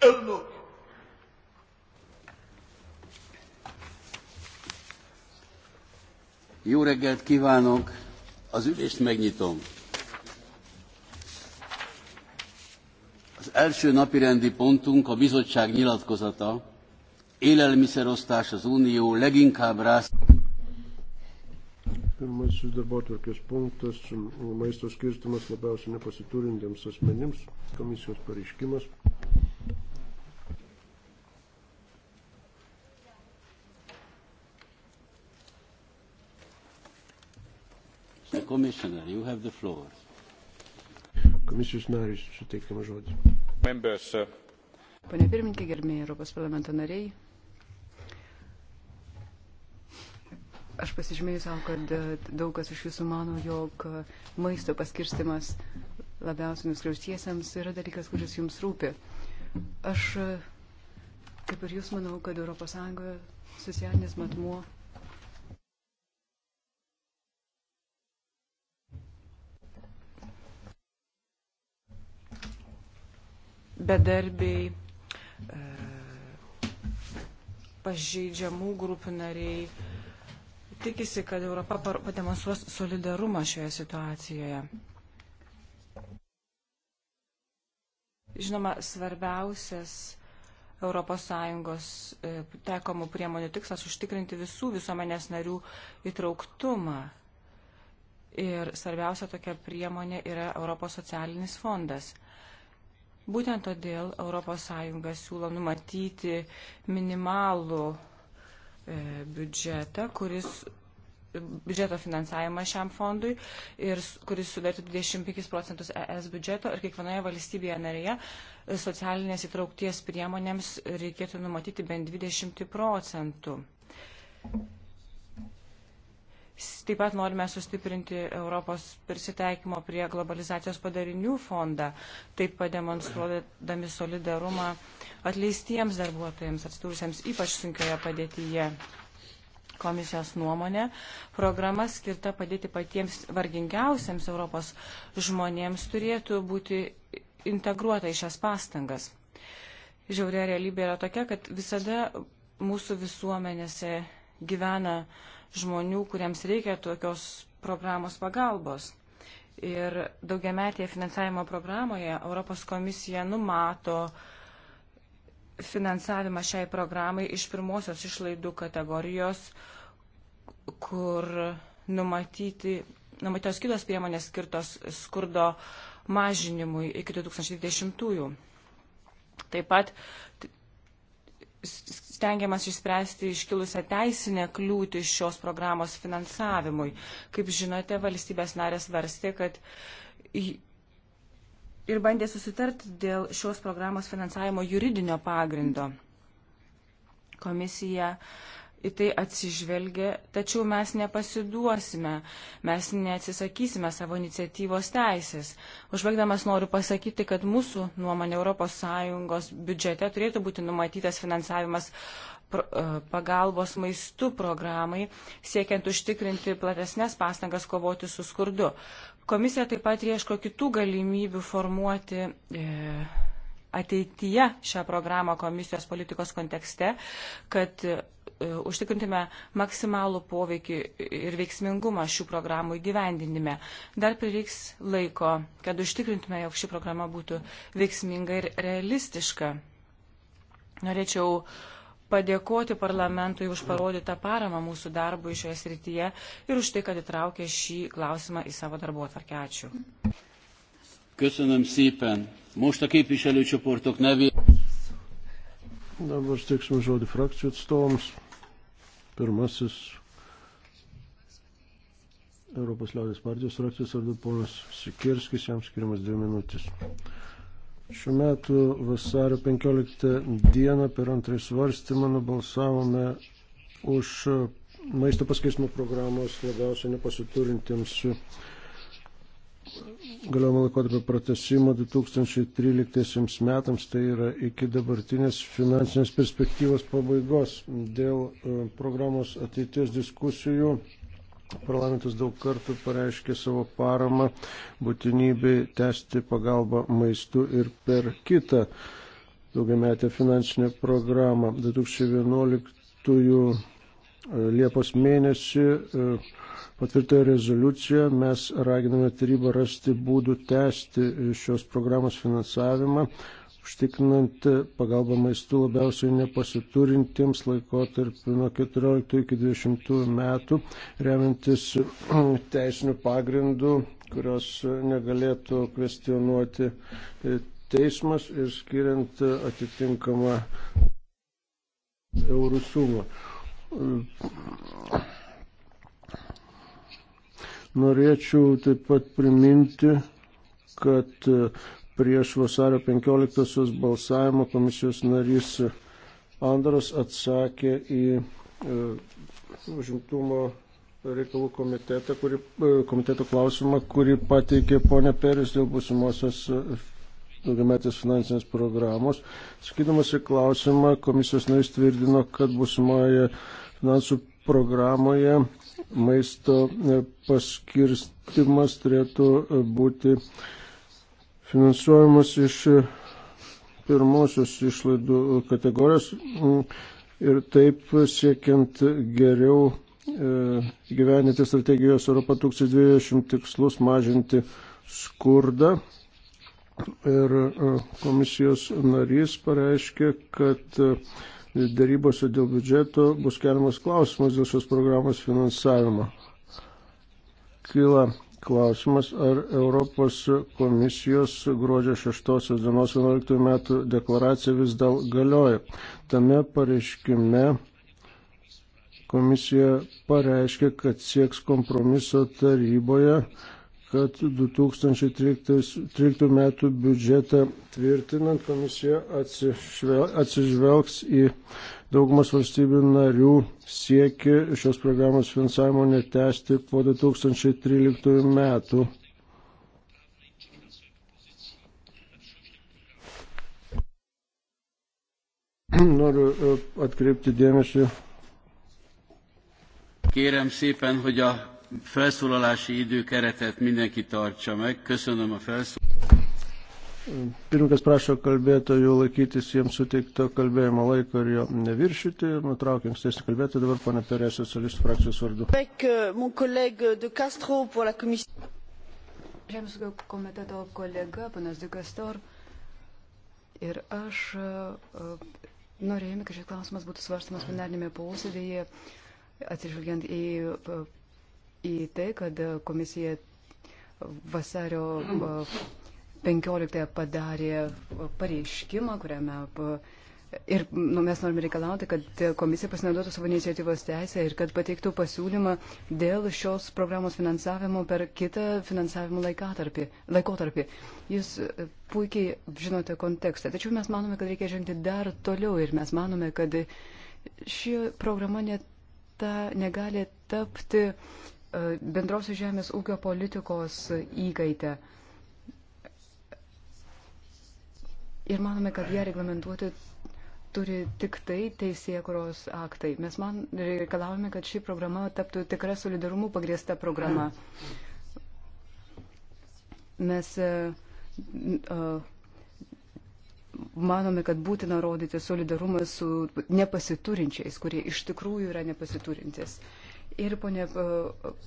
النور Jó reggelt kívánok! Az ülést megnyitom. Az első napirendi pontunk a bizottság nyilatkozata. Élelmiszerosztás az Unió leginkább rász... Pirmasis darbotvarkės punktas - maisto skirtumas labiausiai nepasiturintiems asmenims, komisijos pareiškimas. Commissioner, you have the floor. Komisijos narys suteikiamas žodis. Members. Uh, Pane pirmininkė, gerbėjai Europos parlamento nariai. Aš pasižymėjau savo, kad uh, daug kas iš jūsų mano, jog uh, maisto paskirstimas labiausiai nuskriaustiesiams yra dalykas, kuris jums rūpi. Aš, kaip ir jūs, manau, kad ES socialinis matmuo bedarbiai, e, pažeidžiamų grupių nariai tikisi, kad Europa pademonstruos solidarumą šioje situacijoje. Žinoma, svarbiausias ES e, taikomų priemonių tikslas užtikrinti visų visuomenės narių įtrauktumą. Ir svarbiausia tokia priemonė yra Europos socialinis fondas. Būtent todėl ES siūlo numatyti minimalų e, biudžetą, kuris biudžeto finansavimą šiam fondui, ir, kuris sudarytų 25 procentus ES biudžeto ir kiekvienoje valstybėje narėje e, socialinės įtraukties priemonėms reikėtų numatyti bent 20 procentų. Taip pat norime sustiprinti Europos prisitaikymo prie globalizacijos padarinių fondą, taip pademonstruodami solidarumą atleistiems darbuotojams, atsidūrusiems ypač sunkioje padėtyje. Komisijos nuomonė, programa skirta padėti patiems vargingiausiams Europos žmonėms turėtų būti integruota į šias pastangas. Žiauria realybė yra tokia, kad visada mūsų visuomenėse gyvena uh, žmonių, kuriems reikia tokios programos pagalbos. Ir daugiametėje finansavimo programoje Europos komisija numato finansavimą šiai programai iš pirmosios išlaidų kategorijos, kur numatyti, numatytos kitos priemonės skirtos skurdo mažinimui iki 2020-ųjų. Taip pat stengiamas išspręsti iškilusią teisinę kliūtį šios programos finansavimui. Kaip žinote, valstybės narės varstė, kad ir bandė susitarti dėl šios programos finansavimo juridinio pagrindo. Komisija uh, į tai atsižvelgia, tačiau mes nepasiduosime, mes neatsisakysime savo iniciatyvos teisės. Užbaigdamas noriu pasakyti, kad mūsų nuomonė ES biudžete turėtų būti numatytas finansavimas e, pagalbos maistų programai, siekiant užtikrinti platesnės pastangas kovoti su skurdu. Komisija taip pat ieško kitų galimybių formuoti. E, ateityje šią programą komisijos politikos kontekste, kad E, užtikrintume maksimalų poveikį ir veiksmingumą šių programų įgyvendinime. Dar prireiks laiko, kad užtikrintume, jog ši programa būtų veiksminga ir realistiška. Norėčiau padėkoti parlamentui už parodytą paramą mūsų darbui šioje srityje ir už tai, kad įtraukė šį klausimą į savo darbo atvarkę. Ačiū. Köszönöm szépen. Most a képviselőcsoportok nevében. Dabar steiksime žodį frakcijų atstovams. Pirmasis Europos liaudės partijos raktis arba ponas Sikirskis, jam skiriamas dvi minutės. Šiuo metu vasario 15 dieną per antrąjį svarstymą nubalsavome už maisto paskirstimo programos labiausiai nepasiturintiems galiojimo laikotarpio pratesimo 2013 metams, tai yra iki dabartinės finansinės perspektyvos pabaigos. Dėl e, programos ateities diskusijų parlamentas daug kartų pareiškė savo paramą būtinybei tęsti pagalbą maistu ir per kitą daugiametę finansinę programą. 2011 e, Liepos mėnesį e, patvirtoje rezoliucijoje mes raginame tarybą rasti būdų tęsti šios programos finansavimą, užtikrinant pagalbą maistu labiausiai nepasiturintiems laikotarpiu nuo 14 iki 20 metų, remiantis teisinių pagrindų, kurios negalėtų kvestionuoti teismas ir skiriant atitinkamą eurų sumą. Norėčiau taip pat priminti, kad e, prieš vasario 15-osios balsavimo komisijos narys Andras atsakė į e, užimtumo reikalų komitetą, kuri, e, komiteto klausimą, kurį pateikė ponė Peris dėl būsimosios daugiametės finansinės programos. Sakydamas į klausimą, komisijos narys tvirtino, kad būsimoje finansų programoje maisto paskirstimas turėtų būti finansuojamas iš pirmosios išlaidų kategorijos ir taip siekiant geriau e, gyveninti strategijos Europa 2020 tikslus mažinti skurdą. Ir e, komisijos narys pareiškė, kad e, darybose dėl biudžeto bus keliamas klausimas dėl šios programos finansavimo. Kyla klausimas, ar Europos komisijos gruodžio 6 dienos 11 metų deklaracija vis dar galioja. Tame pareiškime komisija pareiškia, kad sieks kompromiso taryboje kad 2013 metų biudžetą tvirtinant komisija atsižvelgs į daugumas valstybių narių sieki šios programos finansavimo netesti po 2013 metų. Noriu e, atkreipti dėmesį. Kérem szépen, hogy a felszólalási időkeretet mindenki tartsa meg. Köszönöm a felszólalást. Pirmkas prašo kalbėtojų laikytis jiems suteikto kalbėjimo laiko ir jo neviršyti. Nutraukiam ankstesnį kalbėtoją, dabar pana Perė, socialistų frakcijos vardu. Euh, Žemės ūkio komiteto kolega, panas Dukastor, ir aš e, e, norėjome, kad šis klausimas būtų svarstamas plenarinėme posėdėje, atsižvelgiant į e, į tai, kad komisija vasario 15 padarė pareiškimą, kuriame ir nu, mes norime reikalauti, kad komisija pasinaudotų savo iniciatyvos teisę ir kad pateiktų pasiūlymą dėl šios programos finansavimo per kitą finansavimo laikotarpį. laikotarpį. Jūs puikiai žinote kontekstą, tačiau mes manome, kad reikia žengti dar toliau ir mes manome, kad ši programa net ta, negali tapti E, bendrosios žemės ūkio politikos įkaitę. Ir manome, kad ją reglamentuoti turi tik tai teisėkuros aktai. Mes man reikalavome, kad ši programa taptų tikra solidarumų pagrėsta programa. Mes e, e, manome, kad būtina rodyti solidarumą su nepasiturinčiais, kurie iš tikrųjų yra nepasiturintis. Uh, Ir, ponė e,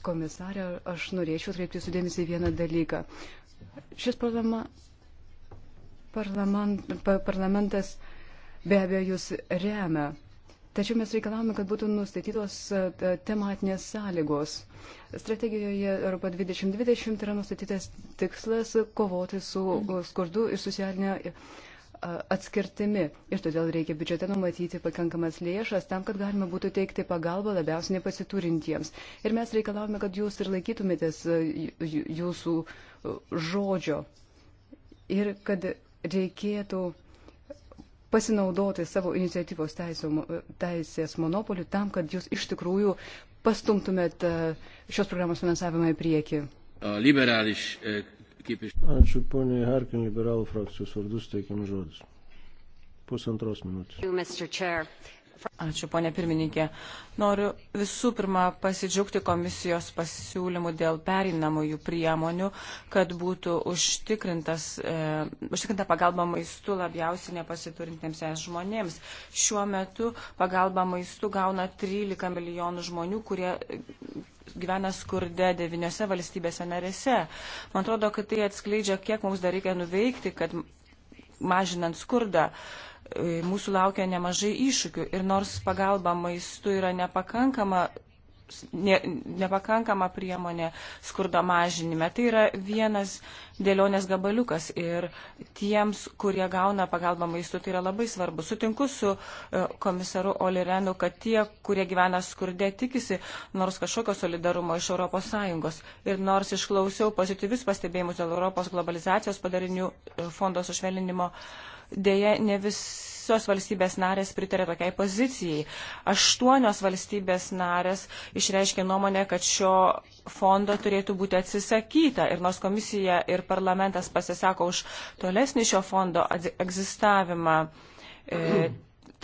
komisarė, aš norėčiau atkreipti sudėmėsi vieną dalyką. Šis parlama, parlament, parlamentas be abejo jūs remia. Tačiau mes reikalavome, kad būtų nustatytos e, tematinės sąlygos. Strategijoje Europa 2020 yra nustatytas tikslas kovoti su e, skurdu ir socialinė atskirtimi ir todėl reikia biudžete numatyti pakankamas lėšas tam, kad galima būtų teikti pagalbą labiausiai nepasiturintiems. Ir mes reikalavome, kad jūs ir laikytumėtės jūsų žodžio ir kad reikėtų pasinaudoti savo iniciatyvos teisės monopoliu tam, kad jūs iš tikrųjų pastumtumėt šios programos finansavimą į priekį. Liberális e, Ačiū poniai Harkin, liberalų frakcijos vardus teikiam žodis. Pusantros minutės. Ačiū, ponė pirmininkė. Noriu visų pirma pasidžiaugti komisijos pasiūlymų dėl perinamųjų priemonių, kad būtų užtikrintas, e, užtikrinta pagalba maistu labiausiai nepasiturintiems es žmonėms. Šiuo metu pagalba maistu gauna 13 milijonų žmonių, kurie gyvena skurde devyniose valstybėse narėse. Man atrodo, kad tai atskleidžia, kiek mums dar reikia nuveikti, kad mažinant skurdą e, mūsų laukia nemažai iššūkių. Ir nors pagalba maistu yra nepakankama, ne, nepakankama priemonė skurdo mažinime. Tai yra vienas dėlionės gabaliukas ir tiems, kurie gauna pagalbą maistu, tai yra labai svarbu. Sutinku su e, komisaru Olirenu, kad tie, kurie gyvena skurde, tikisi nors kažkokio solidarumo iš ES. Ir nors išklausiau pozityvius pastebėjimus dėl Europos globalizacijos padarinių e, fondo sušvelninimo, uh, Deja, ne visos valstybės narės pritarė tokiai pozicijai. Aštuonios valstybės narės išreiškė nuomonę, kad šio fondo turėtų būti atsisakyta. Ir nors komisija ir parlamentas pasisako už tolesnį šio fondo egzistavimą, e,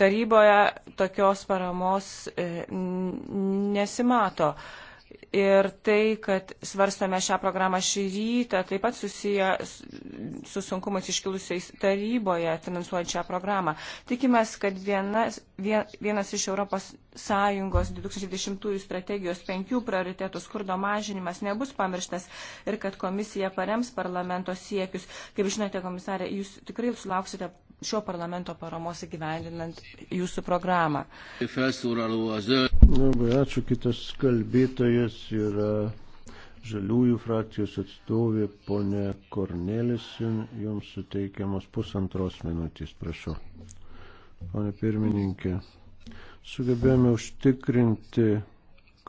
taryboje tokios paramos e, nesimato. E, Ir tai, kad svarstame šią programą šį rytą, taip pat susiję su sunkumais iškilusiais taryboje finansuojant šią programą. Tikimės, kad vienas, vienas iš ES 2020 strategijos penkių prioritetų skurdo mažinimas nebus pamirštas ir kad komisija parems parlamento siekius. Kaip žinote, komisarė, jūs tikrai sulauksite šio parlamento paramos įgyvendinant jūsų programą. Labai ačiū, kitas kalbėtojas yra žaliųjų frakcijos atstovė ponė Kornelisin, jums suteikiamos pusantros minutės, prašau. Pone pirmininkė, sugebėjome užtikrinti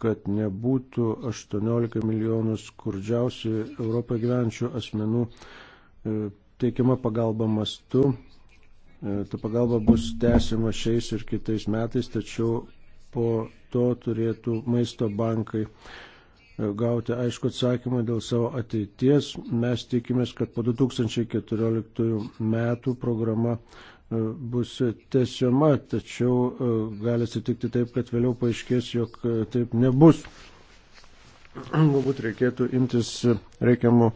kad nebūtų 18 milijonų skurdžiausių Europoje gyvenčių asmenų e, teikiama pagalba mastu E, ta pagalba bus tęsiama šiais ir kitais metais, tačiau po to turėtų maisto bankai e, gauti aišku atsakymą dėl savo ateities. Mes tikimės, kad po 2014 metų programa e, bus tęsiama, tačiau gali atsitikti taip, kad vėliau paaiškės, jog taip nebus. Galbūt reikėtų imtis reikiamų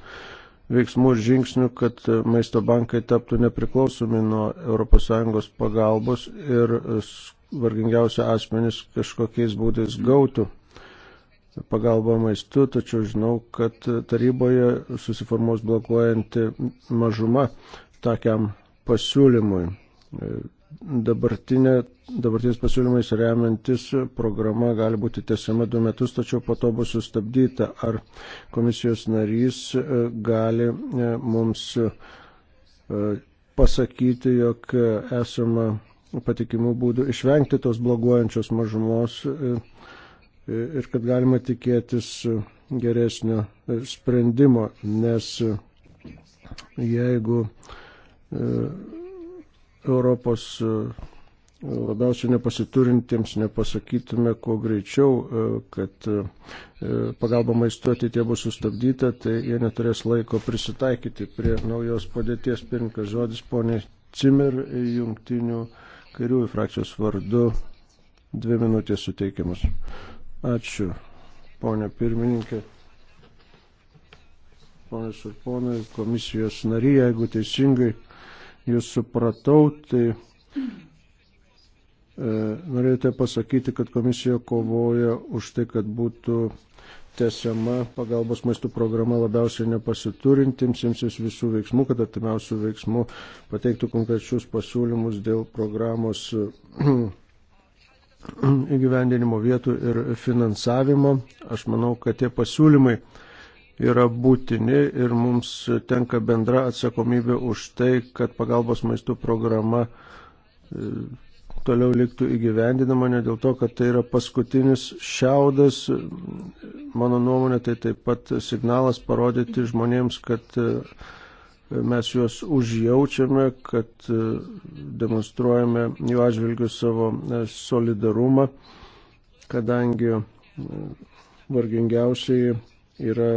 veiksmų ir žingsnių, kad maisto bankai taptų nepriklausomi nuo ES pagalbos ir vargingiausia asmenys kažkokiais būdais gautų pagalbą maistu, tačiau žinau, kad taryboje susiformuos blokuojanti mažuma tokiam pasiūlymui dabartinė, dabartinis pasiūlymais remiantis programa gali būti tęsiama du metus, tačiau po to bus sustabdyta. Ar komisijos narys e, gali e, mums e, pasakyti, jog esama patikimų būdų išvengti tos bloguojančios mažumos ir kad galima tikėtis geresnio sprendimo, nes jeigu Europos e, labiausiai nepasiturintiems nepasakytume kuo greičiau, e, kad e, pagalba maistu ateitie bus sustabdyta, tai jie neturės laiko prisitaikyti prie naujos padėties. Pirmkas žodis ponė Cimer jungtinių kairiųjų frakcijos vardu. Dvi minutės suteikiamas. Ačiū, ponė pirmininkė. Ponės ir ponai, komisijos nariai, jeigu teisingai jūs supratau, tai e, norėjote pasakyti, kad komisija kovoja už tai, kad būtų tesiama pagalbos maistų programa labiausiai nepasiturintims, imsis visų veiksmų, kad artimiausių veiksmų pateiktų konkrečius pasiūlymus dėl programos įgyvendinimo vietų ir finansavimo. Aš manau, kad tie pasiūlymai yra būtini ir mums tenka bendra atsakomybė už tai, kad pagalbos maistų programa e, toliau liktų įgyvendinama, ne dėl to, kad tai yra paskutinis šiaudas, mano nuomonė, tai taip pat signalas parodyti žmonėms, kad e, mes juos užjaučiame, kad e, demonstruojame jų atžvilgių savo solidarumą, kadangi vargingiausiai yra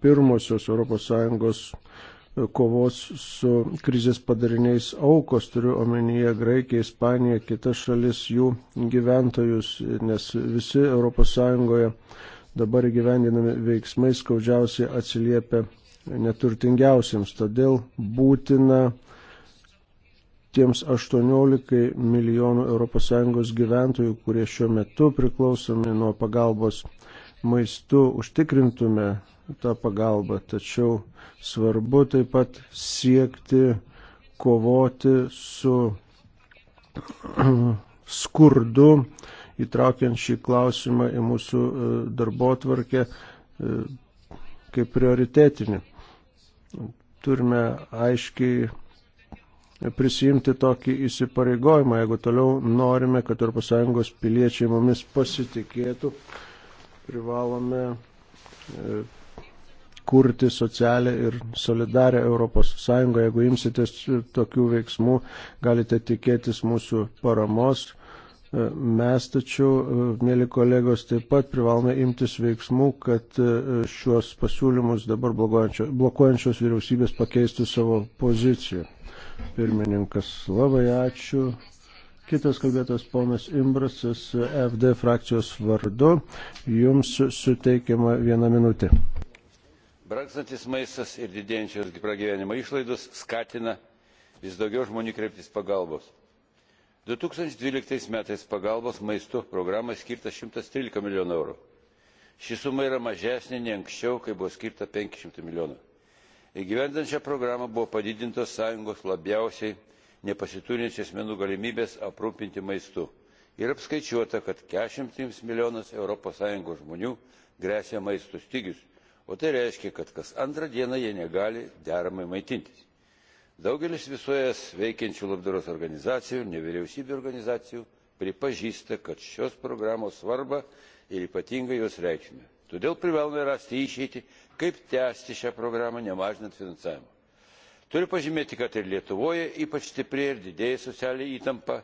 pirmosios ES e, kovos su krizės padariniais aukos, turiu omenyje Graikiją, Ispaniją, kitas šalis, jų gyventojus, nes visi ES dabar gyvendinami veiksmai skaudžiausiai atsiliepia neturtingiausiams. Todėl būtina tiems 18 milijonų ES gyventojų, kurie šiuo metu priklausomi nuo pagalbos maistu, užtikrintume tą pagalbą. Tačiau svarbu taip pat siekti kovoti su skurdu, įtraukiant šį klausimą į mūsų e, darbo tvarkę e, kaip prioritetinį. Turime aiškiai prisijimti tokį įsipareigojimą, jeigu toliau norime, kad ES piliečiai mumis pasitikėtų, privalome e, kurti socialę ir solidarę Europos Sąjungą. Jeigu imsitės tokių veiksmų, galite tikėtis mūsų paramos. E, mes tačiau, e, mėly kolegos, taip pat privalome imtis veiksmų, kad e, šiuos pasiūlymus dabar blokuojančios vyriausybės pakeistų savo poziciją. Pirmininkas, labai ačiū. Kitas kalbėtas ponas Imbrasas FD frakcijos vardu. Jums suteikiama viena minutė brangstantis maistas ir didėjančios pragyvenimo išlaidos skatina vis daugiau žmonių kreiptis pagalbos. du tūkstančiai dvyliktais metais pagalbos maistu programai skirta šimtas trylika milijonų eurų. ši suma yra mažesnė nei anksčiau kai buvo skirta penki šimtai milijonų. įgyvendinant šią programą buvo padidintos sąjungos labiausiai nepasiturinčių asmenų galimybės aprūpinti maistu ir apskaičiuota kad keturiasdešimt milijonams europos sąjungos žmonių gresia maisto stygius o tai reiškia kad kas antrą dieną jie negali deramai maitintis. daugelis visoje veikiančių labdaros organizacijų nevyriausybinių organizacijų pripažįsta kad šios programos svarbą ir ypatingą jos reikšmę todėl privalome rasti išeitį kaip tęsti šią programą nemažinant finansavimo. turiu pažymėti kad ir lietuvoje ypač stiprėja ir didėja socialinė įtampa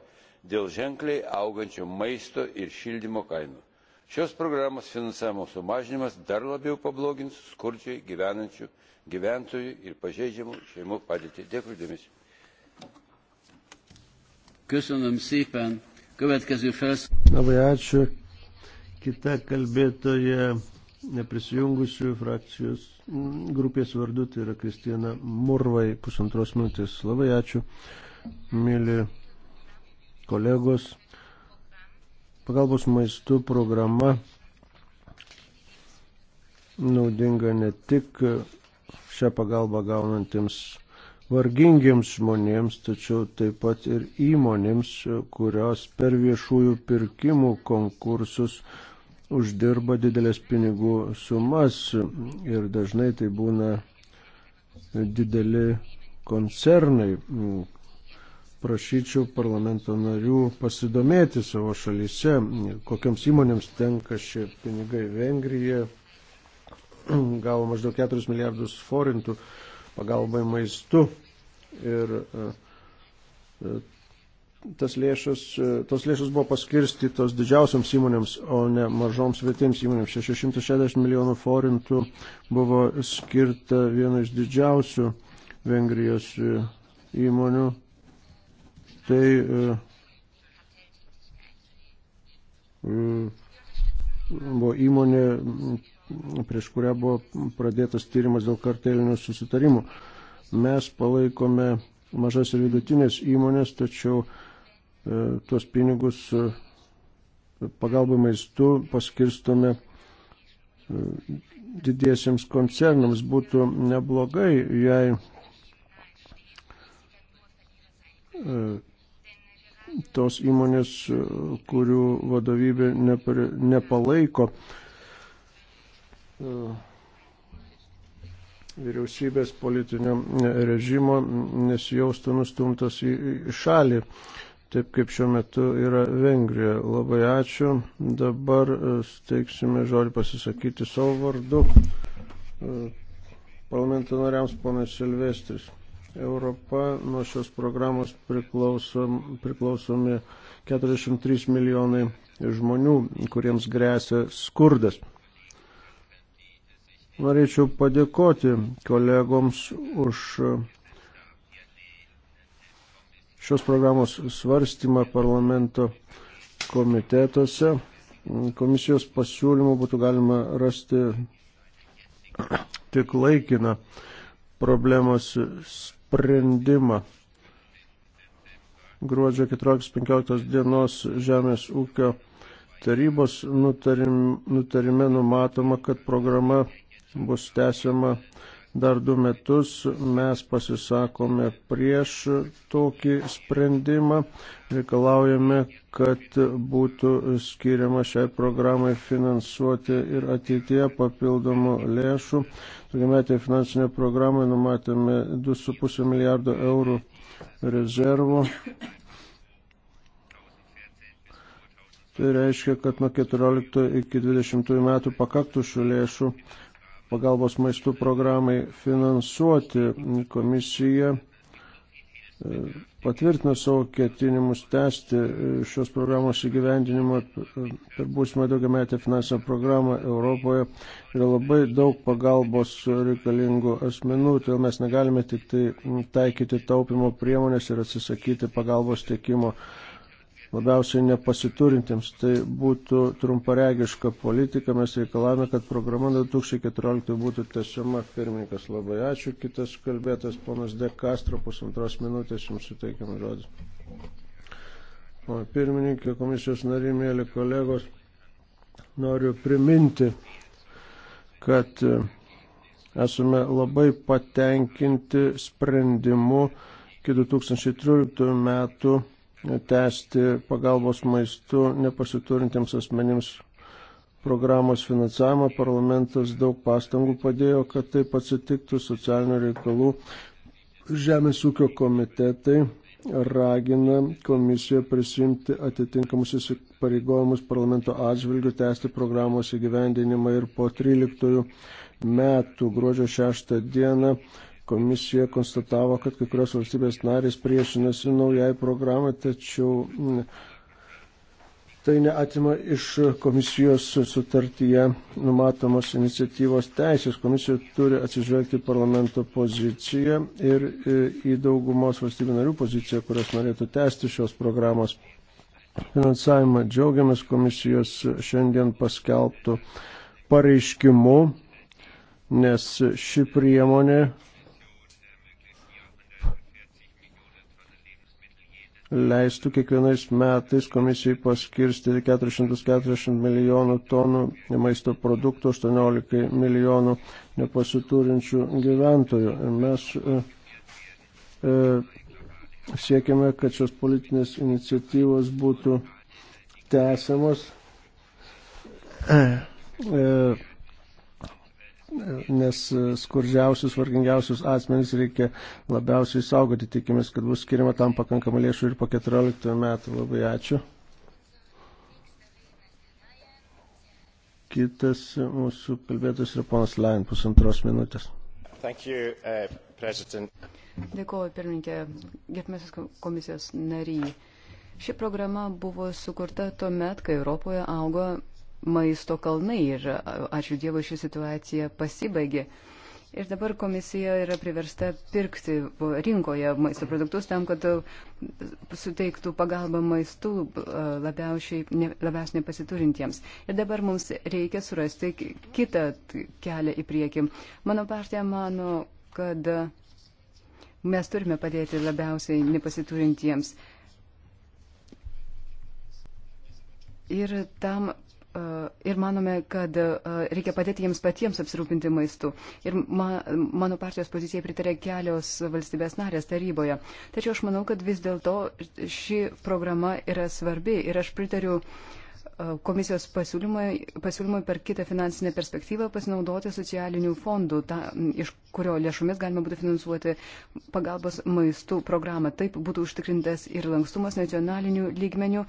dėl ženkliai augančių maisto ir šildymo kainų šios programos finansavimo sumažinimas dar labiau pablogins skurdžiai gyvenančių gyventojų ir pažeidžiamų šeimų padėtį. Dėkui dėmesį. Labai ačiū. Kita kalbėtoja neprisijungusių frakcijos grupės vardu, tai yra Kristina Murvai, pusantros minutės. Labai ačiū, mėly kolegos. Pagalbos maistų programa naudinga ne tik šią pagalbą gaunantiems vargingiems žmonėms, tačiau taip pat ir įmonėms, kurios per viešųjų pirkimų konkursus uždirba didelės pinigų sumas ir dažnai tai būna dideli koncernai, prašyčiau parlamento narių pasidomėti savo šalyse, kokiams įmonėms tenka šie pinigai. Vengrija gavo maždaug 4 milijardus forintų pagalbai maistu ir e, e, tas lėšas, e, tos lėšas buvo paskirstytos didžiausiams įmonėms, o ne mažoms vietiems įmonėms. 660 milijonų forintų buvo skirta viena iš didžiausių Vengrijos įmonių tai e, e, buvo įmonė, prieš kurią buvo pradėtas tyrimas dėl kartelinių susitarimų. Mes palaikome mažas ir vidutinės įmonės, tačiau e, tuos pinigus pagalba maistu paskirstome didiesiems koncernams. Būtų neblogai, jei tos įmonės, e, kurių vadovybė nepalaiko e, vyriausybės politinio režimo, nesijaustų nustumtas į šalį, taip kaip šiuo metu yra Vengrija. Labai ačiū. Dabar e, steiksime žodį pasisakyti savo vardu parlamento nariams, ponas Silvestris. Europa nuo šios programos priklausom, priklausomi 43 milijonai žmonių, kuriems grėsia skurdas. Norėčiau padėkoti kolegoms už šios programos svarstymą parlamento komitetuose. Komisijos pasiūlymų būtų galima rasti tik laikiną problemos sprendimą. Gruodžio 14-15 dienos Žemės ūkio tarybos nutarim, nutarime numatoma, kad programa bus tęsiama dar du metus mes pasisakome prieš tokį sprendimą, reikalaujame, kad būtų skiriama šiai programai finansuoti ir ateitie papildomų lėšų. Tokiametėje finansinė programai numatėme 2,5 milijardo eurų rezervų. Tai reiškia, kad nuo 14 iki 20 metų pakaktų šių lėšų pagalbos maistų programai finansuoti. Komisija e, patvirtino savo ketinimus tęsti e, šios programos įgyvendinimą per būsimą daugiametę finansinę programą Europoje. Yra labai daug pagalbos reikalingų asmenų, todėl tai mes negalime tik tai taikyti taupimo priemonės ir atsisakyti pagalbos tiekimo labiausiai nepasiturintiems. Tai būtų trumparegiška politika. Mes reikalavome, kad programa 2014 būtų tiesiama. Pirmininkas labai ačiū. Kitas kalbėtas ponas De Castro pusantros minutės jums suteikiam žodį. Pana pirmininkė, komisijos nariai, mėly kolegos, noriu priminti, kad e, esame labai patenkinti sprendimu iki 2013 metų tęsti pagalbos maistu nepasiturintiems asmenims programos finansavimą. Parlamentas daug pastangų padėjo, kad taip atsitiktų socialinių reikalų žemės ūkio komitetai ragina komisiją prisimti atitinkamus įsipareigojimus parlamento atžvilgių tęsti programos įgyvendinimą ir po 13 metų gruodžio 6 dieną Komisija konstatavo, kad kai kurios valstybės narės priešinasi naujai programai, tačiau mm, tai neatima iš komisijos sutartyje numatomos iniciatyvos teisės. Komisija turi atsižvelgti parlamento poziciją ir e, į daugumos valstybių narių poziciją, kurios norėtų tęsti šios programos finansavimą. Džiaugiamės komisijos šiandien paskelbtų pareiškimu, nes ši priemonė leistų kiekvienais metais komisijai paskirstyti 440 milijonų tonų maisto produktų 18 milijonų nepasiturinčių gyventojų. Ir mes e, e, siekiame, kad šios politinės iniciatyvos būtų tęsiamos. E, e, nes e, skurdžiausius, vargingiausius asmenys reikia labiausiai saugoti. Tikimės, kad bus skiriama tam pakankamai lėšų ir po 14 metų. Labai ačiū. Kitas mūsų kalbėtas yra ponas Lain, pusantros minutės. Thank you, uh, President. Dėkuoju, pirmininkė, gerbėmės komisijos nariai. Ši programa buvo sukurta tuo met, kai Europoje augo maisto kalnai ir ačiū Dievui ši situacija pasibaigė. Ir dabar komisija yra priversta pirkti rinkoje maisto produktus tam, kad suteiktų pagalbą maistų labiausiai, ne, labiausiai nepasiturintiems. Ir dabar mums reikia surasti kitą kelią į priekį. Mano partija mano, kad mes turime padėti labiausiai nepasiturintiems. Ir tam E, ir manome, kad e, reikia padėti jiems patiems apsirūpinti maistu. Ir ma, mano partijos pozicijai pritarė kelios valstybės narės taryboje. Tačiau aš manau, kad vis dėlto ši programa yra svarbi ir aš pritariu uh, komisijos pasiūlymui per kitą finansinę perspektyvą pasinaudoti socialinių fondų, ta, iš kurio lėšomis galima būtų finansuoti pagalbos maistų programą. Taip būtų užtikrintas ir lankstumas nacionalinių lygmenių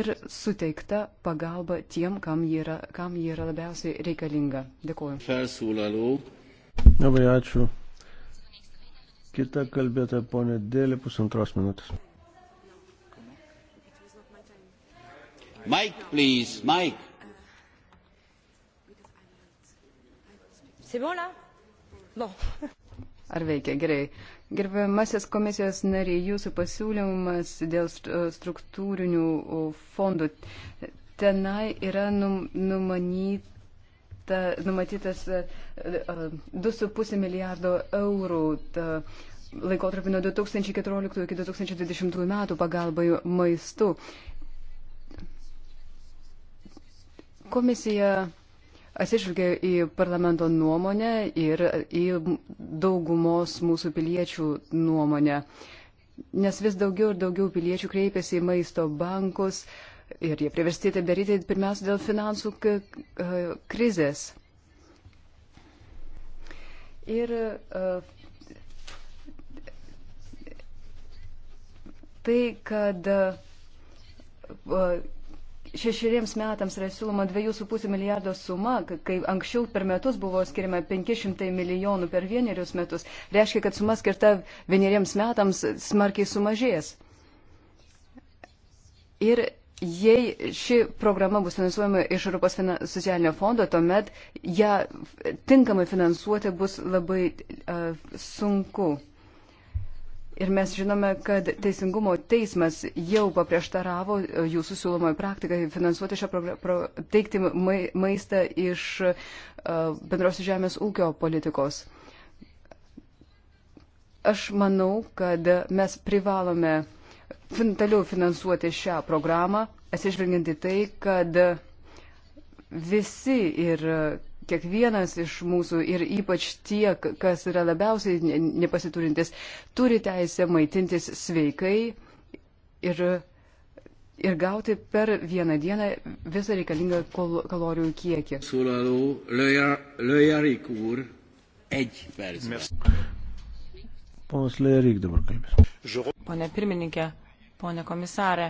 ir suteikta pagalba tiem, kam jie yra, kam jie yra labiausiai reikalinga. Dėkuoju. Labai ačiū. Kita kalbėta ponė Dėlė pusantros minutės. Mike, please, Mike. C'est bon là Bon. Ar veikia gerai? Gerbiamasis komisijos nariai, jūsų pasiūlymas dėl e, struktūrinių fondų. Tenai yra num, numanyta, numatytas 2,5 e, e, milijardo eurų laikotarpį nuo 2014 iki 2020 metų pagalbai maistu. Komisija atsižvelgia į parlamento nuomonę ir į daugumos mūsų piliečių nuomonę, nes vis daugiau ir daugiau piliečių kreipiasi į maisto bankus ir jie priversti tai daryti pirmiausia dėl finansų krizės. Ir e, tai, kad e, šešeriems metams yra siūloma 2,5 milijardo suma, kai anksčiau per metus buvo skiriama 500 milijonų per vienerius metus, reiškia, kad suma skirta vieneriems metams smarkiai sumažės. Ir jei ši programa bus finansuojama iš Europos socialinio fondo, tuomet ją tinkamai finansuoti bus labai uh, sunku. Ir mes žinome, kad Teisingumo teismas jau paprieštaravo jūsų siūlomai praktikai finansuoti šią programą, teikti maistą iš bendros žemės ūkio politikos. Aš manau, kad mes privalome fin, toliau finansuoti šią programą, atsižvelgiant į tai, kad visi ir kiekvienas iš mūsų ir ypač tie, kas yra labiausiai nepasiturintis, turi teisę maitintis sveikai ir, ir gauti per vieną dieną visą reikalingą kol, kalorijų kiekį. Ponas Lejarik dabar kalbės. Pone pirmininkė, pone komisarė,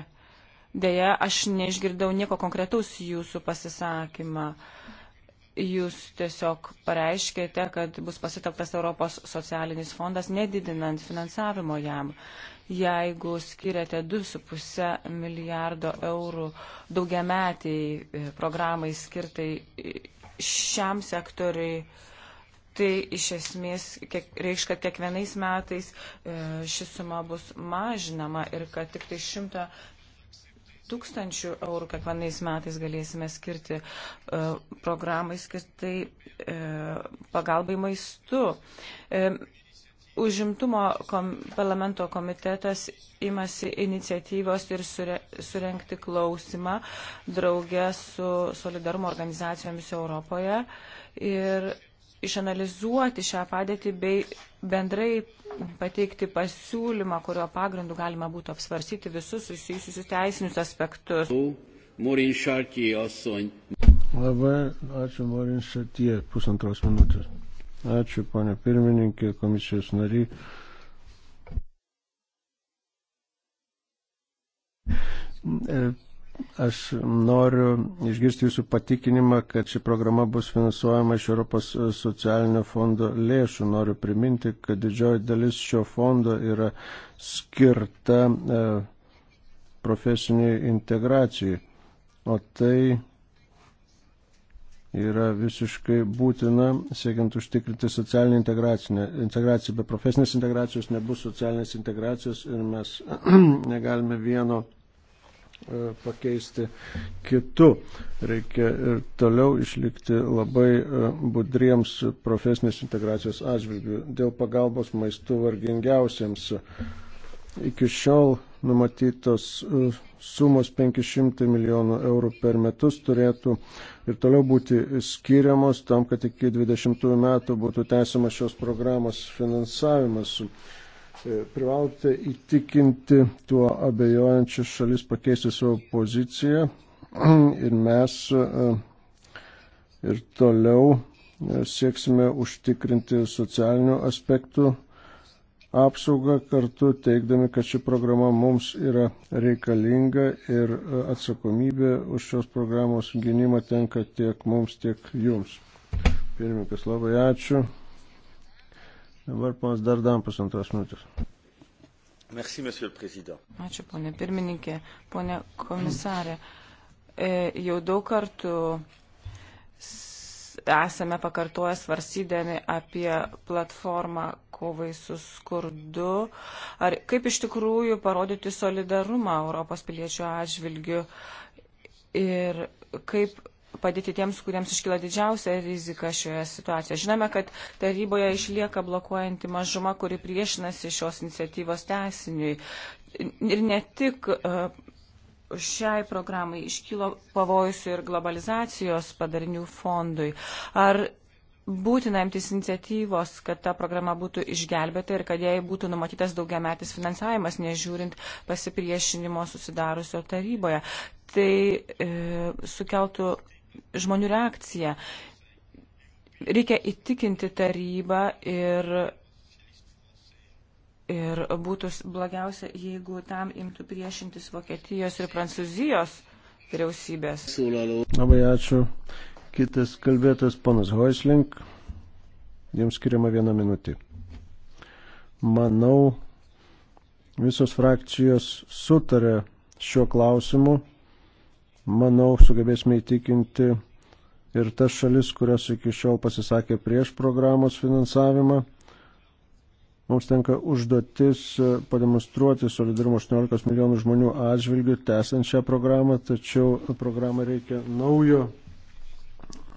dėja aš neišgirdau nieko konkretaus jūsų pasisakymą. Uh, Jūs tiesiog pareiškėte, kad bus pasitaktas Europos socialinis fondas, nedidinant finansavimo jam. Jeigu skiriate 2,5 milijardo eurų daugiametiai e, programai skirtai e, šiam sektoriui, tai iš esmės kiek, reiškia, kad kiekvienais metais e, ši suma bus mažinama ir kad tik tai 100 tūkstančių eurų kiekvienais metais galėsime skirti e, programai skirtai e, pagalbai maistu. E, užimtumo kom, parlamento komitetas imasi iniciatyvos ir sure, surenkti klausimą draugę su solidarumo organizacijomis Europoje. Ir išanalizuoti šią padėtį bei bendrai pateikti pasiūlymą, kurio pagrindu galima būtų apsvarsyti visus susijusius teisinius aspektus. Morin Šartie, asszony. Labai ačiū, Morin Šartie, pusantros minutės. Ačiū, ponė pirmininkė, komisijos nariai. Aš noriu išgirsti jūsų patikinimą, kad ši programa bus finansuojama iš Europos socialinio fondo lėšų. Noriu priminti, kad didžioji dalis šio fondo yra skirta e, profesiniai integracijai. O tai yra visiškai būtina, siekiant užtikrinti socialinę integraciją. Integracija be profesinės integracijos nebus socialinės integracijos ir mes negalime vieno E, pakeisti kitu. Reikia ir toliau išlikti labai e, budriems profesinės integracijos atžvilgių dėl pagalbos maistų vargingiausiems. Iki šiol numatytos e, sumos 500 milijonų eurų per metus turėtų ir toliau būti skiriamos tam, kad iki 2020 metų būtų tęsiamas šios programos finansavimas. E, privalote įtikinti tuo abejojančias šalis pakeisti savo poziciją ir mes e, ir toliau e, sieksime užtikrinti socialinių aspektų apsaugą kartu teikdami, kad ši programa mums yra reikalinga ir atsakomybė už šios programos gynimą tenka tiek mums, tiek jums. Pirmininkas, labai ačiū. Dabar ponas Dardam pusantros minutės. Merci, Ačiū, ponė pirmininkė, ponė komisarė. E, jau daug kartų esame pakartoję svarsydami apie platformą kovai su skurdu, ar kaip iš tikrųjų parodyti solidarumą Europos piliečių atžvilgiu ir kaip padėti tiems, kuriems iškyla didžiausia rizika šioje situacijoje. Žinome, kad taryboje išlieka blokuojanti mažuma, kuri priešinasi šios iniciatyvos teisiniui. Ir ne tik e, šiai programai iškylo pavojus ir globalizacijos padarinių fondui. Ar būtina imtis iniciatyvos, kad ta programa būtų išgelbėta ir kad jai būtų numatytas daugiametis finansavimas, nežiūrint pasipriešinimo susidariusio taryboje. Tai e, sukeltų žmonių reakcija. Reikia įtikinti tarybą ir, ir būtų blogiausia, jeigu tam imtų priešintis Vokietijos ir Prancūzijos vyriausybės. Labai ačiū. Kitas kalbėtas ponas Hoisling. Jums skiriama viena minutė. Manau, visos frakcijos sutarė šiuo klausimu manau, sugebėsime įtikinti ir tas šalis, kurios iki šiol pasisakė prieš programos finansavimą. Mums tenka užduotis e, pademonstruoti solidarumo 18 milijonų žmonių atžvilgių, tęsiant šią programą, tačiau programą reikia naujo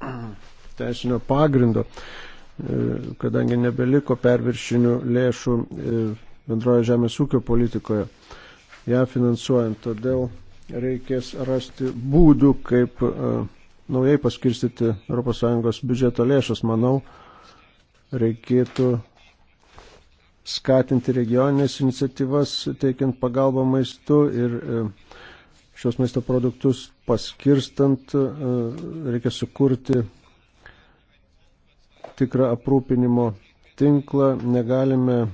teisinio pagrindo, e, kadangi nebeliko perviršinių lėšų e, bendroje žemės ūkio politikoje ją finansuojant. Todėl reikės rasti būdų, kaip e, naujai paskirstyti ES biudžeto lėšas. Manau, reikėtų skatinti regioninės iniciatyvas, teikiant pagalbą maistu ir e, šios maisto produktus paskirstant, e, reikia sukurti tikrą aprūpinimo tinklą. Negalime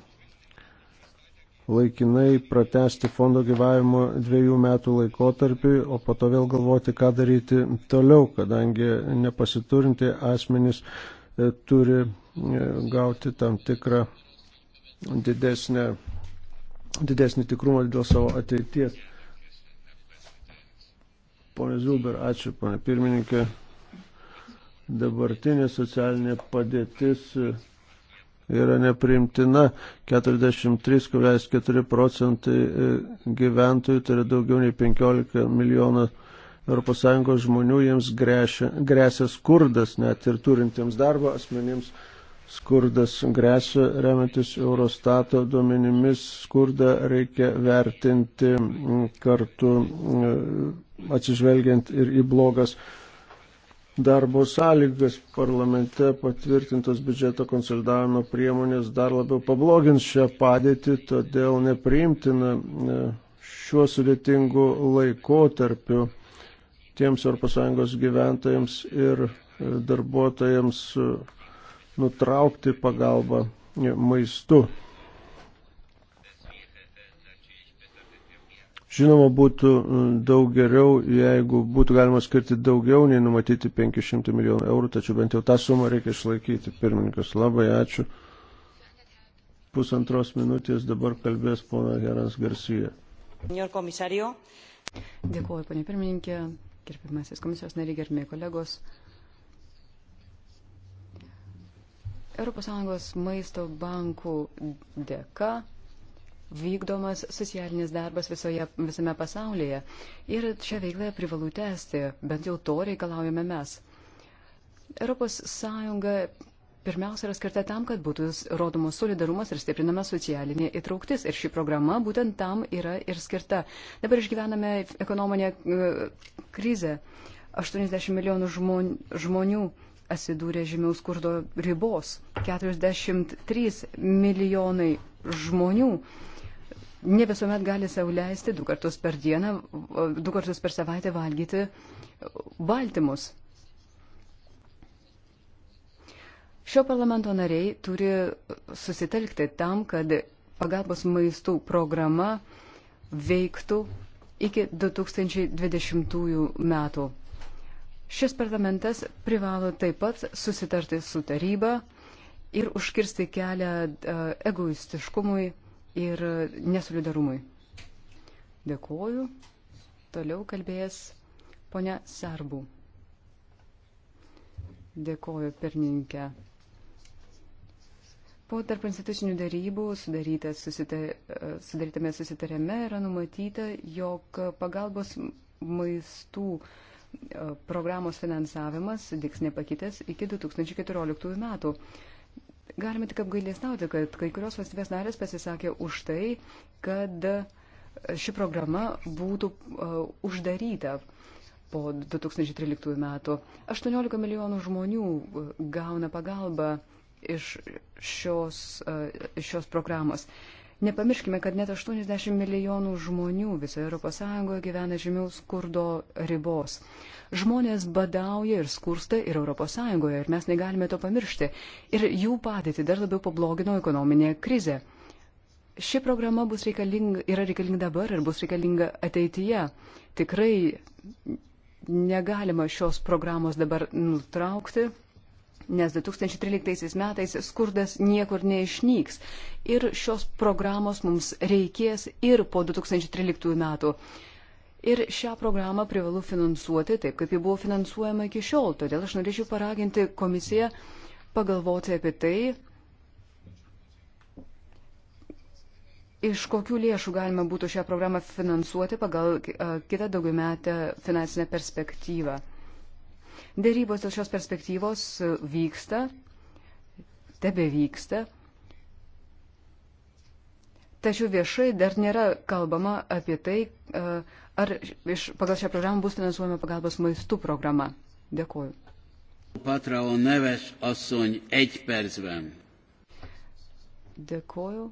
laikinai pratesti fondo gyvavimo dviejų metų laikotarpį, o po to vėl galvoti, ką daryti toliau, kadangi nepasiturinti asmenys e, turi e, gauti tam tikrą didesnę, didesnį tikrumą dėl savo ateities. Pone Zuber, ačiū, pane pirmininkė. Dabartinė socialinė padėtis yra neprimtina. 43,4 procentai e, gyventojų, tai yra daugiau nei 15 milijonų ES žmonių, jiems grėsia, grėsia skurdas, net ir turintiems darbo asmenims. Skurdas grėsia, remiantis Eurostato duomenimis, skurdą reikia vertinti kartu atsižvelgiant ir į blogas darbo sąlygas parlamente patvirtintos biudžeto konsolidavimo priemonės dar labiau pablogins šią padėtį, todėl nepriimtina e, šiuo sudėtingu laikotarpiu tiems ES gyventojams ir e, darbuotojams e, nutraukti pagalbą maistu. Žinoma, būtų e, daug geriau, jeigu būtų galima skirti daugiau nei numatyti 500 milijonų eurų, tačiau bent jau tą sumą reikia išlaikyti. Pirmininkas, labai ačiū. Pusantros minutės dabar kalbės pona Geras Garsija. Dėkuoju, ponė pirmininkė, gerbiamasis komisijos nariai, gerbimiai kolegos. ES maisto bankų dėka vykdomas socialinis darbas visoje, visame pasaulyje. Ir šią veiklą privalu tęsti, bent jau to reikalaujame mes. Europos Sąjunga pirmiausia yra skirta tam, kad būtų rodomas solidarumas ir stiprinama socialinė įtrauktis. Ir ši programa būtent tam yra ir skirta. Dabar išgyvename ekonominę e, krizę. 80 milijonų žmonių atsidūrė žemiau skurdo ribos. 43 milijonai žmonių ne visuomet gali sauliaisti du kartus per dieną, du kartus per savaitę valgyti baltymus. Šio parlamento nariai turi susitelkti tam, kad pagalbos maistų programa veiktų iki 2020 metų. Šis parlamentas privalo taip pat susitarti su taryba ir užkirsti kelią e, egoistiškumui ir nesolidarumui. Dėkuoju. Toliau kalbės ponia Sarbu. Dėkuoju, pirmininkė. Po tarp institucinių darybų susita, sudarytame susitarėme yra numatyta, jog pagalbos maistų e, programos finansavimas diks nepakitęs iki 2014 metų. Galime tik apgailėstauti, kad kai kurios valstybės narės pasisakė už tai, kad ši programa būtų uh, uždaryta po 2013 metų. 18 milijonų žmonių uh, gauna pagalbą iš šios, uh, šios programos. Nepamirškime, kad net 80 milijonų žmonių visoje ES gyvena žemiau skurdo ribos. Žmonės badauja ir skursta ir ES, ir mes negalime to pamiršti. Ir jų padėtį dar labiau pablogino ekonominė krizė. Ši programa bus reikalinga, yra reikalinga dabar ir bus reikalinga ateityje. Tikrai negalima šios programos dabar nutraukti nes 2013 metais skurdas niekur neišnyks. Ir šios programos mums reikės ir po 2013 metų. Ir šią programą privalu finansuoti taip, kaip ji buvo finansuojama iki šiol. Todėl aš norėčiau paraginti komisiją pagalvoti apie tai, iš kokių lėšų galima būtų šią programą finansuoti pagal kitą daugiametę finansinę perspektyvą. Dėrybos dėl šios perspektyvos vyksta, tebe vyksta, tačiau viešai dar nėra kalbama apie tai, e, ar iš, pagal šią programą bus finansuojama pagalbos maistų programa. Dėkuoju. Patrao Neves asszony egy percben. Dėkuoju.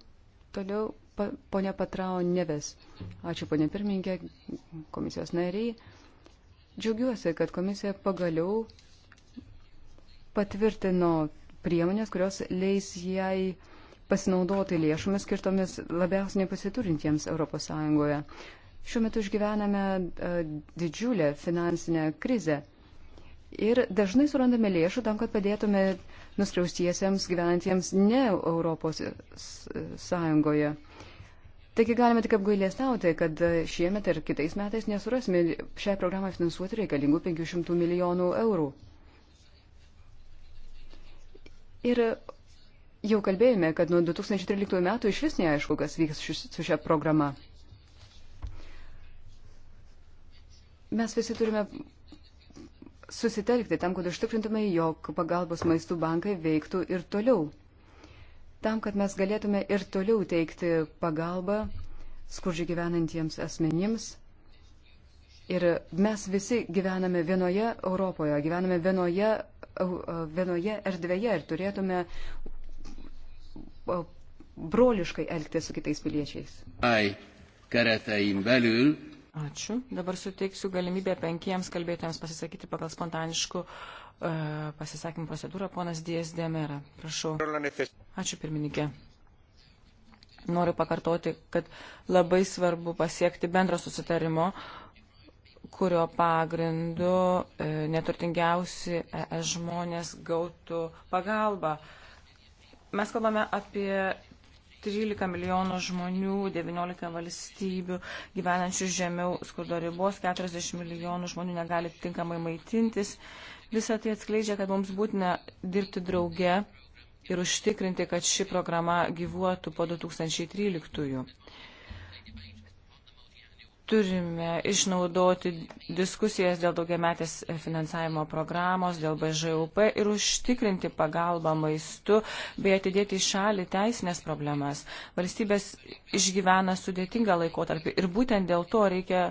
Toliau pa, ponia Patrao Neves. Ačiū ponia pirmininkė, komisijos nariai. Džiaugiuosi, kad komisija pagaliau patvirtino priemonės, kurios leis jai pasinaudoti lėšomis skirtomis labiausiai nepasiturintiems ES. Šiuo metu išgyvename e, didžiulę finansinę krizę ir dažnai surandame lėšų tam, kad padėtume nuskriaustiesiems gyventiems ne Europos Sąjungoje. Taigi galime tik apgailėstauti, kad šiemet ir kitais metais nesurasime šią programą finansuoti reikalingų 500 milijonų eurų. Ir jau kalbėjome, kad nuo 2013 metų iš vis neaišku, kas vyks su šia programa. Mes visi turime susitelkti tam, kad užtikrintume, jog pagalbos maistų bankai veiktų ir toliau tam, kad mes galėtume ir toliau teikti pagalbą skurdžiai gyvenantiems asmenims. Ir mes visi gyvename vienoje Europoje, gyvename vienoje, vienoje erdvėje ir turėtume broliškai elgtis su kitais piliečiais. Ačiū. Dabar suteiksiu galimybę penkiems kalbėtojams pasisakyti pagal spontaniškų uh, E, pasisakymų procedūrą. Ponas Dijas Demera, prašau. Ačiū pirmininkė. Noriu pakartoti, kad labai svarbu pasiekti bendro susitarimo, kurio pagrindu e, neturtingiausi ES žmonės gautų pagalbą. Mes kalbame apie 13 milijonų žmonių, 19 valstybių gyvenančių žemiau skurdo ribos, 40 milijonų žmonių negali tinkamai maitintis Visą tai atskleidžia, kad mums būtina dirbti drauge ir užtikrinti, kad ši programa gyvuotų po 2013. -ųjų turime išnaudoti diskusijas dėl daugiametės finansavimo programos, dėl BŽUP ir užtikrinti pagalbą maistu bei atidėti į šalį teisinės problemas. Valstybės išgyvena sudėtingą laikotarpį ir būtent dėl to reikia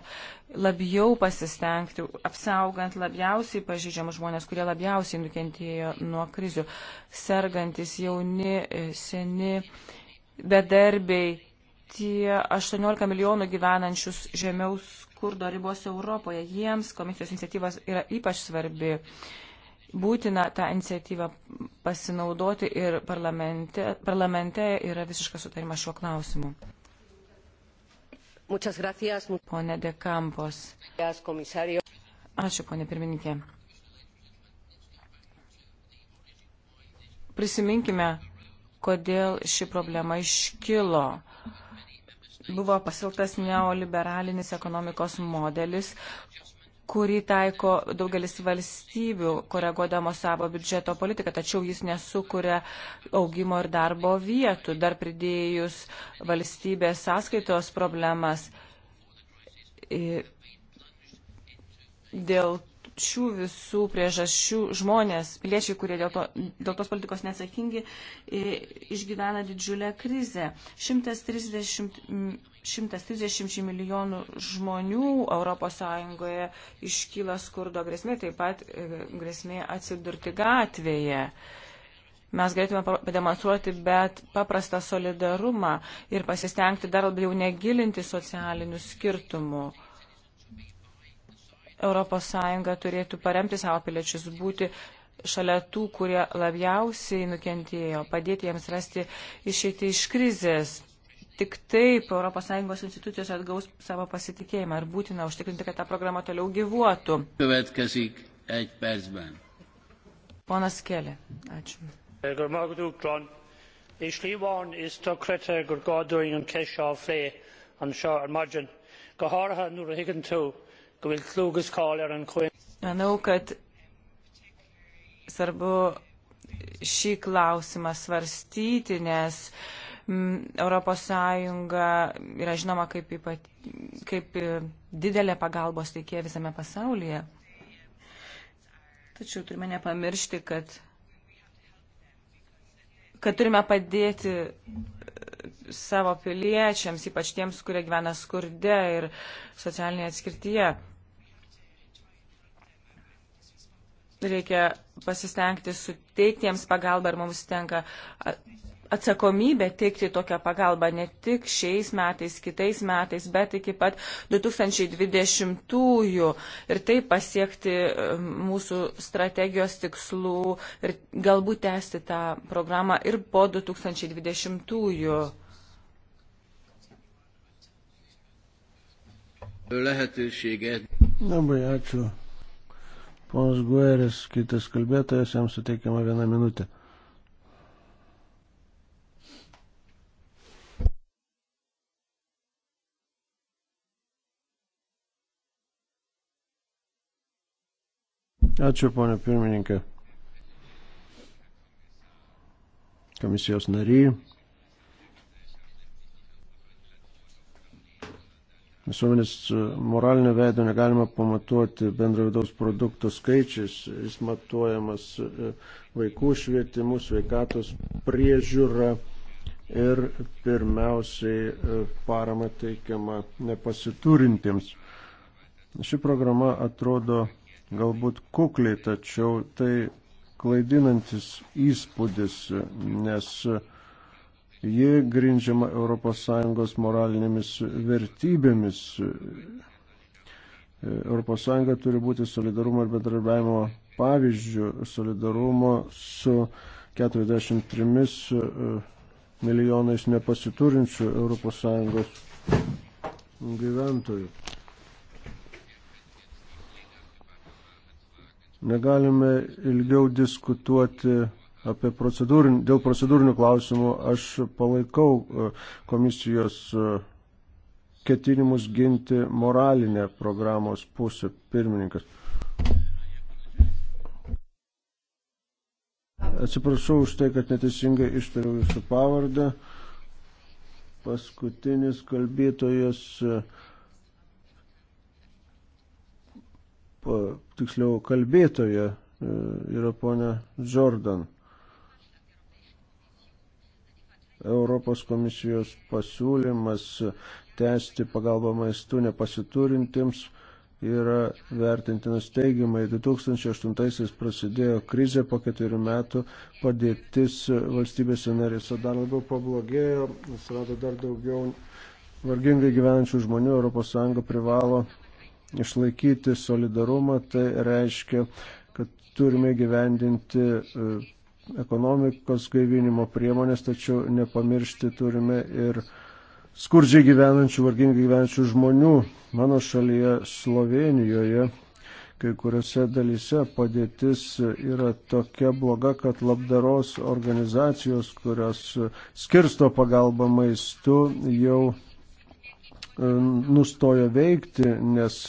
labiau pasistengti, apsaugant labiausiai pažydžiamus žmonės, kurie labiausiai nukentėjo nuo krizių, sergantis jauni, seni, bedarbiai tie 18 milijonų gyvenančius žemiau skurdo ribos Europoje. Jiems komisijos iniciatyvas yra ypač svarbi. Būtina tą iniciatyvą pasinaudoti ir parlamente, parlamente yra visiškas sutarimas šiuo klausimu. Pone De Campos. Ačiū, ponė pirmininkė. Prisiminkime, kodėl ši problema iškilo buvo pasiltas neoliberalinis ekonomikos modelis, kurį taiko daugelis valstybių, koreguodamo savo biudžeto politiką, tačiau jis nesukuria augimo ir darbo vietų, dar pridėjus valstybės sąskaitos problemas. Dėl šių visų priežasčių žmonės, piliečiai, kurie dėl, to, dėl tos politikos neatsakingi, išgyvena didžiulę krizę. 130, 130 milijonų žmonių ES iškyla skurdo grėsmė, taip pat e, grėsmė atsidurti gatvėje. Mes galėtume pademonstruoti bet paprastą solidarumą ir pasistengti dar labiau negilinti socialinių skirtumų ES turėtų paremti savo piliečius, būti šalia tų, kurie labiausiai nukentėjo, padėti jiems rasti išeitį iš krizės. Tik taip ES institucijos atgaus savo pasitikėjimą ir būtina užtikrinti, kad ta programa toliau gyvuotų. Ponas Kelė, ačiū. Išlyvon is to kreta gurgodoin un kesha flei an shar margin. Gaharha nurahigan tu Manau, kad svarbu šį klausimą svarstyti, nes mm, ES yra žinoma kaip, ypat, kaip e, didelė pagalbos teikėja visame pasaulyje. Tačiau turime nepamiršti, kad, kad turime padėti e, savo piliečiams, ypač tiems, kurie gyvena skurde ir socialinėje atskirtyje. Reikia pasistengti suteikti jiems pagalbą ir mums tenka atsakomybė teikti tokią pagalbą ne tik šiais metais, kitais metais, bet iki pat 2020-ųjų ir taip pasiekti mūsų strategijos tikslų ir galbūt tęsti tą programą ir po 2020-ųjų. Labai ačiū Ponas Gueris, kitas kalbėtojas, jam suteikiama viena minutė. Ačiū, ponė pirmininkė. Komisijos nariai. visuomenės e, moralinio veido negalima pamatuoti bendro vidaus produkto skaičiais, jis matuojamas e, vaikų švietimu, sveikatos priežiūra ir pirmiausiai e, parama teikiama nepasiturintiems. Ši programa atrodo galbūt kukliai, tačiau tai klaidinantis įspūdis, nes uh, Ji grindžiama ES moralinėmis vertybėmis. ES turi būti solidarumo ir bendradarbiavimo pavyzdžių, solidarumo su 43 e, milijonais nepasiturinčių ES gyventojų. Negalime ilgiau diskutuoti apie procedūrin, dėl procedūrinių klausimų. Aš palaikau e, komisijos e, ketinimus ginti moralinę programos pusę pirmininkas. Atsiprašau už tai, kad neteisingai ištariau jūsų pavardę. Paskutinis kalbėtojas, e, pa, tiksliau kalbėtoja, yra ponia Jordan. Europos komisijos pasiūlymas tęsti pagalbą maistu nepasiturintiems yra vertintinas teigiamai. 2008 prasidėjo krizė, po keturių metų padėtis valstybėse narėse dar labiau pablogėjo, atsirado dar daugiau vargingai gyvenančių žmonių, ES privalo išlaikyti solidarumą, tai reiškia, kad turime gyvendinti e, ekonomikos gaivinimo priemonės, tačiau nepamiršti turime ir skurdžiai gyvenančių, vargingai gyvenančių žmonių. Mano šalyje Slovenijoje kai kuriuose dalyse padėtis yra tokia bloga, kad labdaros organizacijos, kurios skirsto pagalbą maistu, jau e, nustojo veikti, nes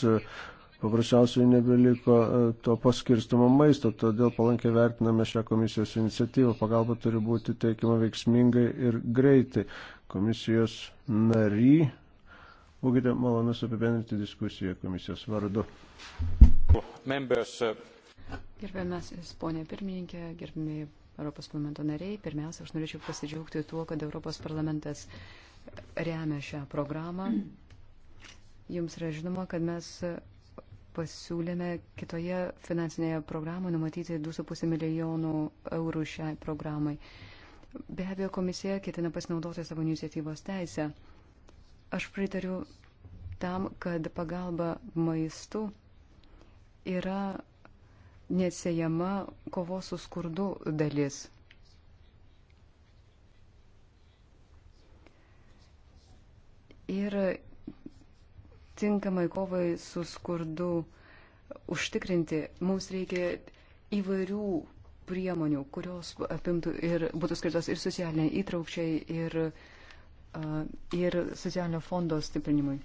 paprasčiausiai nebeliko e, to paskirstamo maisto, todėl palankiai vertiname šią komisijos iniciatyvą. Pagalba turi būti teikiama veiksmingai ir greitai. Komisijos nary, būkite malonus apibendrinti diskusiją komisijos vardu. Members, e, Gerbiamasis ponė pirmininkė, gerbimi Europos parlamento nariai, pirmiausia, aš norėčiau pasidžiaugti tuo, kad Europos parlamentas remia šią programą. Jums yra žinoma, kad mes pasiūlėme kitoje finansinėje programoje numatyti 2,5 milijonų eurų šiai programai. Be abejo, komisija ketina pasinaudoti savo iniciatyvos teisę. Aš pritariu tam, kad pagalba maistu yra neatsiejama kovos su skurdu dalis. Ir tinkamai kovai su skurdu užtikrinti, mums reikia įvairių priemonių, kurios apimtų ir būtų skirtos ir socialiniai įtraukčiai, ir, ir socialinio fondo stiprinimui.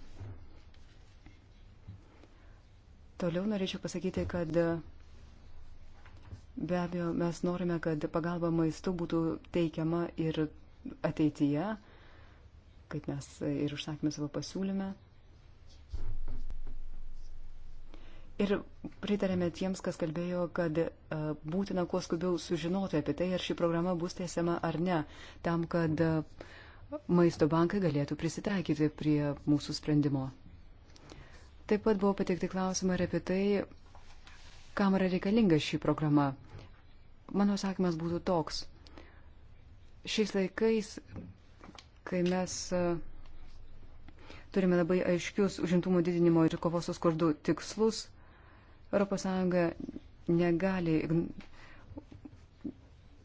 Toliau norėčiau pasakyti, kad be abejo mes norime, kad pagalba maistu būtų teikiama ir ateityje, kaip mes ir užsakėme savo pasiūlyme. Ir pritarėme tiems, kas kalbėjo, kad e, būtina kuo skubiau sužinoti apie tai, ar ši programa bus tiesiama ar ne, tam, kad e, maisto bankai galėtų prisitaikyti prie mūsų sprendimo. Taip pat buvo pateikti klausimai ir apie tai, kam yra reikalinga ši programa. Mano sakymas būtų toks. Šiais laikais, kai mes e, turime labai aiškius užimtumo didinimo ir kovos su skurdu tikslus, ES negali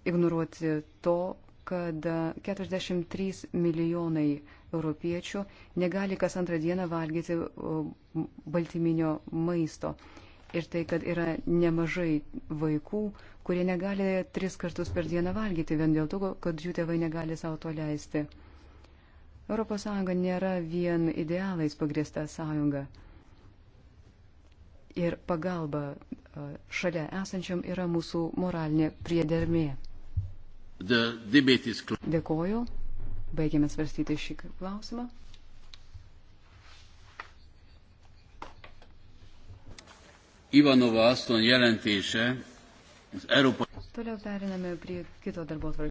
ignoruoti to, kad 43 milijonai europiečių negali kas antrą dieną valgyti baltyminio maisto. Ir tai, kad yra nemažai vaikų, kurie negali tris kartus per dieną valgyti vien dėl to, kad jų tėvai negali savo to leisti. ES nėra vien idealais pagrįsta sąjunga ir pagalba šalia esančiam yra mūsų moralinė priedermė. Dėkoju. Baigėme svarstyti šį klausimą. Ivanova Aston jelentése az Európai... Toliau periname prie kito darbo tvarkymo.